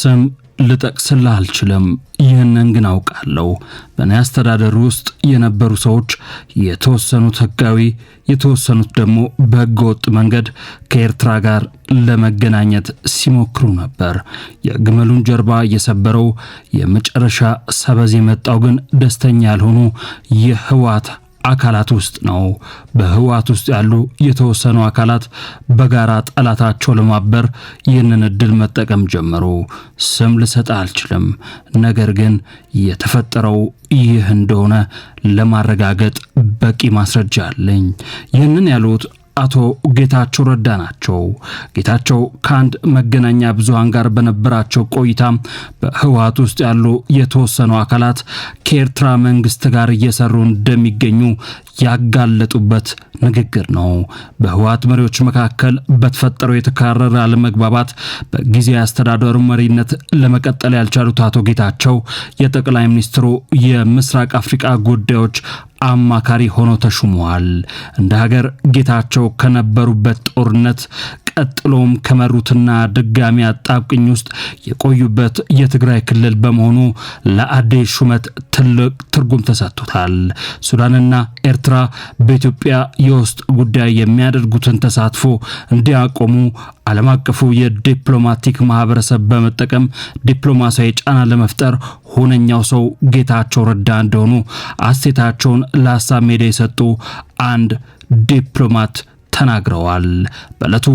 ስም ልጠቅስልህ አልችልም። ይህንን ግን አውቃለሁ። በእኔ አስተዳደር ውስጥ የነበሩ ሰዎች የተወሰኑት ህጋዊ የተወሰኑት ደግሞ በህገ ወጥ መንገድ ከኤርትራ ጋር ለመገናኘት ሲሞክሩ ነበር። የግመሉን ጀርባ የሰበረው የመጨረሻ ሰበዝ የመጣው ግን ደስተኛ ያልሆኑ የህወሓት አካላት ውስጥ ነው። በህወሓት ውስጥ ያሉ የተወሰኑ አካላት በጋራ ጠላታቸው ለማበር ይህንን እድል መጠቀም ጀመሩ። ስም ልሰጥ አልችልም፣ ነገር ግን የተፈጠረው ይህ እንደሆነ ለማረጋገጥ በቂ ማስረጃ አለኝ። ይህንን ያሉት አቶ ጌታቸው ረዳ ናቸው። ጌታቸው ከአንድ መገናኛ ብዙሃን ጋር በነበራቸው ቆይታ በህወሀት ውስጥ ያሉ የተወሰኑ አካላት ከኤርትራ መንግስት ጋር እየሰሩ እንደሚገኙ ያጋለጡበት ንግግር ነው። በህወሀት መሪዎች መካከል በተፈጠረው የተካረረ አለመግባባት በጊዜያዊ አስተዳደሩ መሪነት ለመቀጠል ያልቻሉት አቶ ጌታቸው የጠቅላይ ሚኒስትሩ የምስራቅ አፍሪቃ ጉዳዮች አማካሪ ሆኖ ተሹመዋል። እንደ ሀገር ጌታቸው ከነበሩበት ጦርነት ቀጥሎም ከመሩትና ድጋሚ አጣብቅኝ ውስጥ የቆዩበት የትግራይ ክልል በመሆኑ ለአዴ ሹመት ትልቅ ትርጉም ተሰጥቶታል። ሱዳንና ኤርትራ በኢትዮጵያ የውስጥ ጉዳይ የሚያደርጉትን ተሳትፎ እንዲያቆሙ ዓለም አቀፉ የዲፕሎማቲክ ማህበረሰብ በመጠቀም ዲፕሎማሲያዊ ጫና ለመፍጠር ሁነኛው ሰው ጌታቸው ረዳ እንደሆኑ አስተያየታቸውን ለሀሳብ ሜዳ የሰጡ አንድ ዲፕሎማት ተናግረዋል። በእለቱ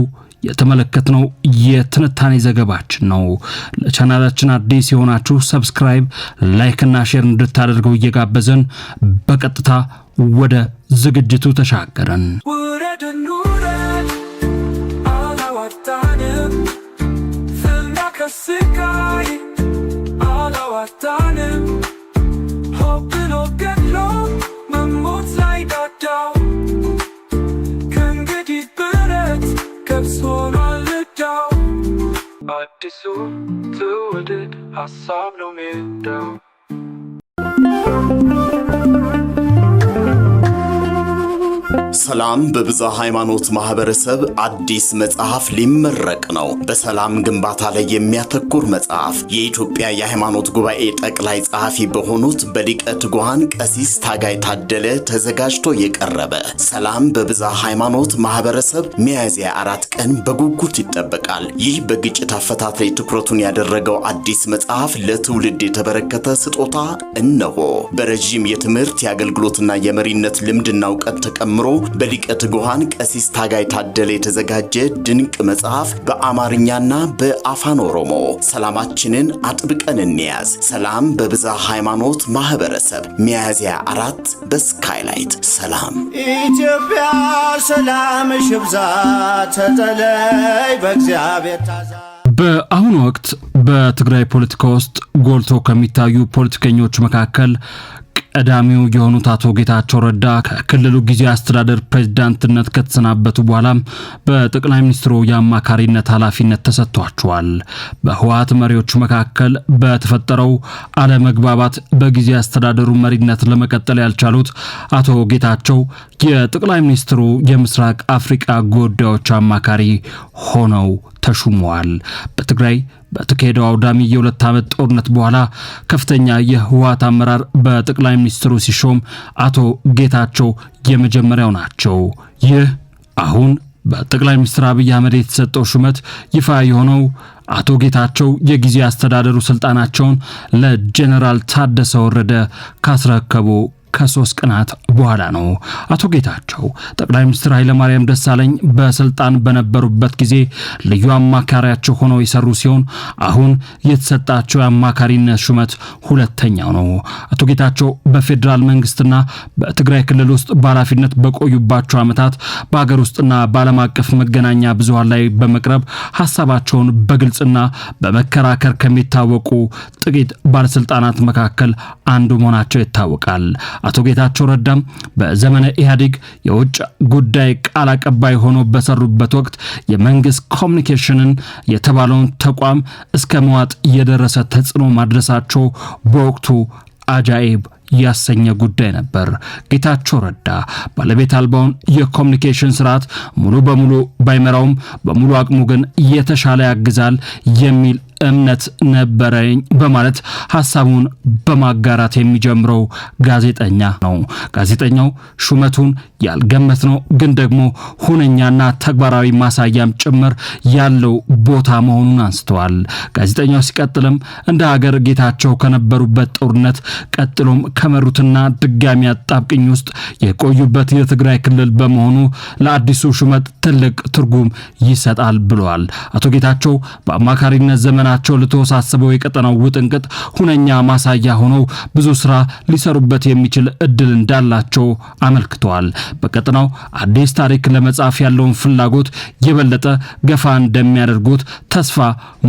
የተመለከትነው የትንታኔ ዘገባችን ነው። ለቻናላችን አዲስ የሆናችሁ ሰብስክራይብ፣ ላይክና ሼር እንድታደርገው እየጋበዘን በቀጥታ ወደ ዝግጅቱ ተሻገረን። አላዋጣንም አዲሱ ትውልድ ሀሳብ ነው ሜዳው ሰላም በብዝሃ ሃይማኖት ማህበረሰብ አዲስ መጽሐፍ ሊመረቅ ነው። በሰላም ግንባታ ላይ የሚያተኩር መጽሐፍ የኢትዮጵያ የሃይማኖት ጉባኤ ጠቅላይ ጸሐፊ በሆኑት በሊቀ ትጉሃን ቀሲስ ታጋይ ታደለ ተዘጋጅቶ የቀረበ ሰላም በብዝሃ ሃይማኖት ማህበረሰብ ሚያዝያ አራት ቀን በጉጉት ይጠበቃል። ይህ በግጭት አፈታት ላይ ትኩረቱን ያደረገው አዲስ መጽሐፍ ለትውልድ የተበረከተ ስጦታ እነሆ። በረዥም የትምህርት የአገልግሎትና የመሪነት ልምድና እውቀት ተቀምሮ በሊቀ ትጉሃን ቀሲስ ታጋይ ታደለ የተዘጋጀ ድንቅ መጽሐፍ በአማርኛና በአፋን ኦሮሞ። ሰላማችንን አጥብቀን እንያዝ። ሰላም በብዛ ሃይማኖት ማህበረሰብ ሚያዝያ አራት በስካይላይት ሰላም ኢትዮጵያ ሰላም ሽብዛ ተጠለይ በእግዚአብሔር ታዛ በአሁኑ ወቅት በትግራይ ፖለቲካ ውስጥ ጎልቶ ከሚታዩ ፖለቲከኞች መካከል ቀዳሚው የሆኑት አቶ ጌታቸው ረዳ ከክልሉ ጊዜ አስተዳደር ፕሬዝዳንትነት ከተሰናበቱ በኋላም በጠቅላይ ሚኒስትሩ የአማካሪነት ኃላፊነት ተሰጥቷቸዋል። በህወሓት መሪዎች መካከል በተፈጠረው አለመግባባት በጊዜ አስተዳደሩ መሪነት ለመቀጠል ያልቻሉት አቶ ጌታቸው የጠቅላይ ሚኒስትሩ የምስራቅ አፍሪቃ ጉዳዮች አማካሪ ሆነው ተሹመዋል። በትግራይ በተካሄደው አውዳሚ የሁለት ዓመት ጦርነት በኋላ ከፍተኛ የህወሓት አመራር በጠቅላይ ሚኒስትሩ ሲሾም አቶ ጌታቸው የመጀመሪያው ናቸው። ይህ አሁን በጠቅላይ ሚኒስትር አብይ አህመድ የተሰጠው ሹመት ይፋ የሆነው አቶ ጌታቸው የጊዜ አስተዳደሩ ስልጣናቸውን ለጀኔራል ታደሰ ወረደ ካስረከቡ ከሶስት ቀናት በኋላ ነው። አቶ ጌታቸው ጠቅላይ ሚኒስትር ኃይለማርያም ደሳለኝ በስልጣን በነበሩበት ጊዜ ልዩ አማካሪያቸው ሆነው የሰሩ ሲሆን አሁን የተሰጣቸው የአማካሪነት ሹመት ሁለተኛው ነው። አቶ ጌታቸው በፌዴራል መንግስትና በትግራይ ክልል ውስጥ በኃላፊነት በቆዩባቸው ዓመታት በሀገር ውስጥና በዓለም አቀፍ መገናኛ ብዙሃን ላይ በመቅረብ ሀሳባቸውን በግልጽና በመከራከር ከሚታወቁ ጥቂት ባለስልጣናት መካከል አንዱ መሆናቸው ይታወቃል። አቶ ጌታቸው ረዳም በዘመነ ኢህአዴግ የውጭ ጉዳይ ቃል አቀባይ ሆኖ በሰሩበት ወቅት የመንግስት ኮሚኒኬሽንን የተባለውን ተቋም እስከ መዋጥ እየደረሰ ተጽዕኖ ማድረሳቸው በወቅቱ አጃኢብ ያሰኘ ጉዳይ ነበር። ጌታቸው ረዳ ባለቤት አልባውን የኮሚኒኬሽን ስርዓት ሙሉ በሙሉ ባይመራውም በሙሉ አቅሙ ግን የተሻለ ያግዛል የሚል እምነት ነበረኝ በማለት ሀሳቡን በማጋራት የሚጀምረው ጋዜጠኛ ነው። ጋዜጠኛው ሹመቱን ያልገመት ነው ግን ደግሞ ሁነኛና ተግባራዊ ማሳያም ጭምር ያለው ቦታ መሆኑን አንስተዋል። ጋዜጠኛው ሲቀጥልም እንደ ሀገር ጌታቸው ከነበሩበት ጦርነት ቀጥሎም ከመሩትና ድጋሚ አጣብቅኝ ውስጥ የቆዩበት የትግራይ ክልል በመሆኑ ለአዲሱ ሹመት ትልቅ ትርጉም ይሰጣል ብለዋል። አቶ ጌታቸው በአማካሪነት ዘመናቸው ለተወሳሰበው የቀጠናው ውጥንቅጥ ሁነኛ ማሳያ ሆነው ብዙ ስራ ሊሰሩበት የሚችል እድል እንዳላቸው አመልክተዋል። በቀጠናው አዲስ ታሪክ ለመጻፍ ያለውን ፍላጎት የበለጠ ገፋ እንደሚያደርጉት ተስፋ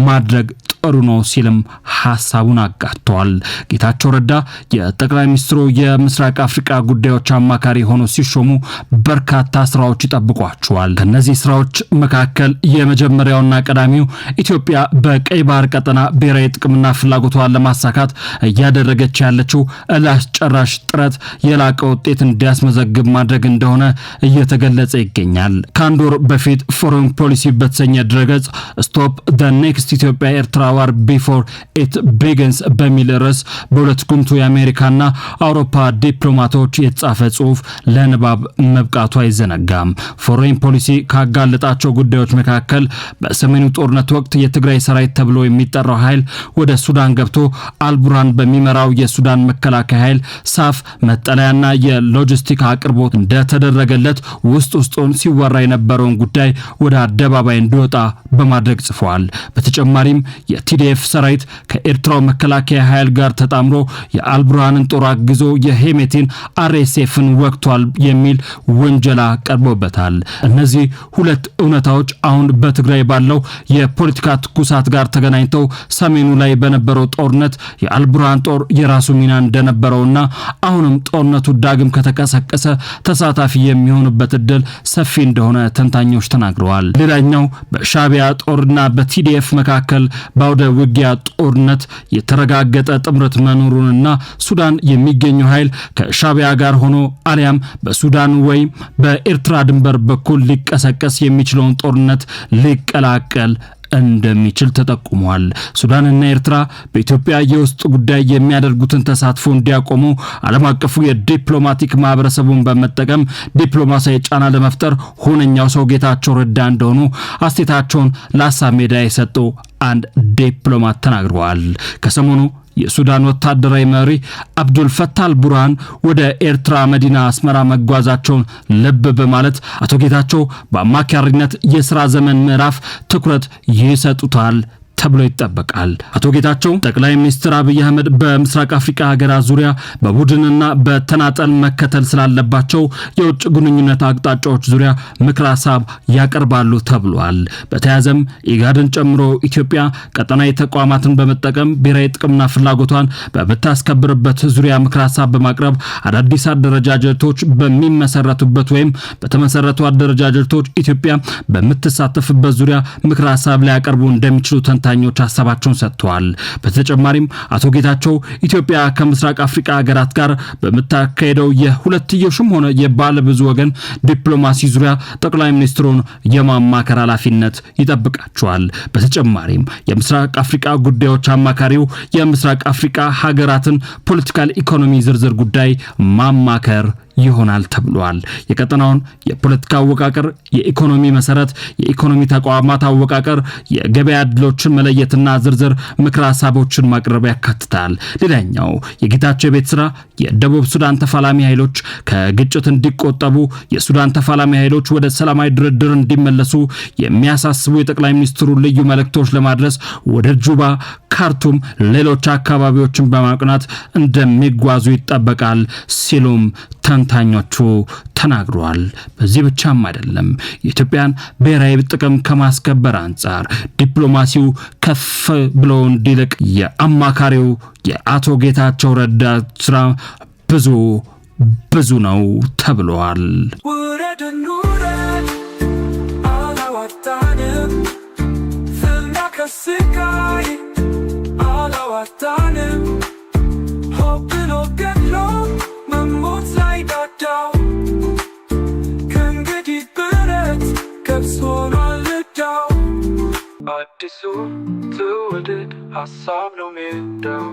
ማድረግ እየተፈጠሩ ነው ሲልም ሀሳቡን አጋርተዋል። ጌታቸው ረዳ የጠቅላይ ሚኒስትሩ የምስራቅ አፍሪቃ ጉዳዮች አማካሪ ሆነው ሲሾሙ በርካታ ስራዎች ይጠብቋቸዋል። ከእነዚህ ስራዎች መካከል የመጀመሪያውና ቀዳሚው ኢትዮጵያ በቀይ ባህር ቀጠና ብሔራዊ ጥቅምና ፍላጎቷን ለማሳካት እያደረገች ያለችው ለአስጨራሽ ጥረት የላቀ ውጤት እንዲያስመዘግብ ማድረግ እንደሆነ እየተገለጸ ይገኛል። ከአንድ ወር በፊት ፎሬን ፖሊሲ በተሰኘ ድረገጽ ስቶፕ ደ ኔክስት ኢትዮጵያ ኤርትራ አዋር ቢፎር ኢት ቢግንስ በሚል ርዕስ በሁለት ጉምቱ የአሜሪካና አውሮፓ ዲፕሎማቶች የተጻፈ ጽሁፍ ለንባብ መብቃቱ አይዘነጋም። ፎሬን ፖሊሲ ካጋለጣቸው ጉዳዮች መካከል በሰሜኑ ጦርነት ወቅት የትግራይ ሰራዊት ተብሎ የሚጠራው ኃይል ወደ ሱዳን ገብቶ አልቡራን በሚመራው የሱዳን መከላከያ ኃይል ሳፍ መጠለያና የሎጂስቲክ አቅርቦት እንደተደረገለት ውስጥ ውስጡን ሲወራ የነበረውን ጉዳይ ወደ አደባባይ እንዲወጣ በማድረግ ጽፏል። በተጨማሪም ቲዲኤፍ ሰራዊት ከኤርትራው መከላከያ ኃይል ጋር ተጣምሮ የአልቡርሃንን ጦር አግዞ የሄሜቲን አርኤስኤፍን ወቅቷል የሚል ወንጀላ ቀርቦበታል። እነዚህ ሁለት እውነታዎች አሁን በትግራይ ባለው የፖለቲካ ትኩሳት ጋር ተገናኝተው ሰሜኑ ላይ በነበረው ጦርነት የአልቡርሃን ጦር የራሱ ሚና እንደነበረውና አሁንም ጦርነቱ ዳግም ከተቀሰቀሰ ተሳታፊ የሚሆንበት እድል ሰፊ እንደሆነ ተንታኞች ተናግረዋል። ሌላኛው በሻቢያ ጦርና በቲዲኤፍ መካከል አውደ ውጊያ ጦርነት የተረጋገጠ ጥምረት መኖሩንና ሱዳን የሚገኘው ኃይል ከሻቢያ ጋር ሆኖ አሊያም በሱዳን ወይም በኤርትራ ድንበር በኩል ሊቀሰቀስ የሚችለውን ጦርነት ሊቀላቀል እንደሚችል ተጠቁሟል። ሱዳንና ኤርትራ በኢትዮጵያ የውስጥ ጉዳይ የሚያደርጉትን ተሳትፎ እንዲያቆሙ ዓለም አቀፉ የዲፕሎማቲክ ማህበረሰቡን በመጠቀም ዲፕሎማሲያዊ ጫና ለመፍጠር ሁነኛው ሰው ጌታቸው ረዳ እንደሆኑ አስቴታቸውን ሜዳ የሰጡ አንድ ዲፕሎማት ተናግረዋል። ከሰሞኑ የሱዳን ወታደራዊ መሪ ፈታል ቡርሃን ወደ ኤርትራ መዲና አስመራ መጓዛቸውን ልብ በማለት አቶ ጌታቸው በአማካሪነት የሥራ ዘመን ምዕራፍ ትኩረት ይሰጡታል ተብሎ ይጠበቃል። አቶ ጌታቸው ጠቅላይ ሚኒስትር አብይ አህመድ በምስራቅ አፍሪካ ሀገራት ዙሪያ በቡድንና በተናጠል መከተል ስላለባቸው የውጭ ግንኙነት አቅጣጫዎች ዙሪያ ምክር ሀሳብ ያቀርባሉ ተብሏል። በተያያዘም ኢጋድን ጨምሮ ኢትዮጵያ ቀጠናዊ ተቋማትን በመጠቀም ብሔራዊ ጥቅምና ፍላጎቷን በምታስከብርበት ዙሪያ ምክር ሀሳብ በማቅረብ አዳዲስ አደረጃጀቶች በሚመሰረቱበት ወይም በተመሰረቱ አደረጃጀቶች ኢትዮጵያ በምትሳተፍበት ዙሪያ ምክር ሀሳብ ሊያቀርቡ እንደሚችሉ ተንታኝ አብዛኞች ሀሳባቸውን ሰጥተዋል። በተጨማሪም አቶ ጌታቸው ኢትዮጵያ ከምስራቅ አፍሪካ ሀገራት ጋር በምታካሄደው የሁለትዮሽም ሆነ የባለ ብዙ ወገን ዲፕሎማሲ ዙሪያ ጠቅላይ ሚኒስትሩን የማማከር ኃላፊነት ይጠብቃቸዋል። በተጨማሪም የምስራቅ አፍሪካ ጉዳዮች አማካሪው የምስራቅ አፍሪካ ሀገራትን ፖለቲካል ኢኮኖሚ ዝርዝር ጉዳይ ማማከር ይሆናል ተብሏል። የቀጠናውን የፖለቲካ አወቃቀር፣ የኢኮኖሚ መሰረት፣ የኢኮኖሚ ተቋማት አወቃቀር፣ የገበያ እድሎችን መለየትና ዝርዝር ምክረ ሀሳቦችን ማቅረብ ያካትታል። ሌላኛው የጌታቸው የቤት ስራ የደቡብ ሱዳን ተፋላሚ ኃይሎች ከግጭት እንዲቆጠቡ፣ የሱዳን ተፋላሚ ኃይሎች ወደ ሰላማዊ ድርድር እንዲመለሱ የሚያሳስቡ የጠቅላይ ሚኒስትሩ ልዩ መልእክቶች ለማድረስ ወደ ጁባ ካርቱም፣ ሌሎች አካባቢዎችን በማቅናት እንደሚጓዙ ይጠበቃል ሲሉም ተንታኞቹ ተናግረዋል። በዚህ ብቻም አይደለም። የኢትዮጵያን ብሔራዊ ጥቅም ከማስከበር አንጻር ዲፕሎማሲው ከፍ ብሎ እንዲልቅ የአማካሪው የአቶ ጌታቸው ረዳ ስራ ብዙ ብዙ ነው ተብሏል። ውረድ አላጣንም ሆብሎ ገድሎ መሞት ላይ ዳዳው ከእንግዲህ ብረት ከብስ ሆኗል ልዳው አዲሱ ትውልድ ሀሳብ ነው ሜዳው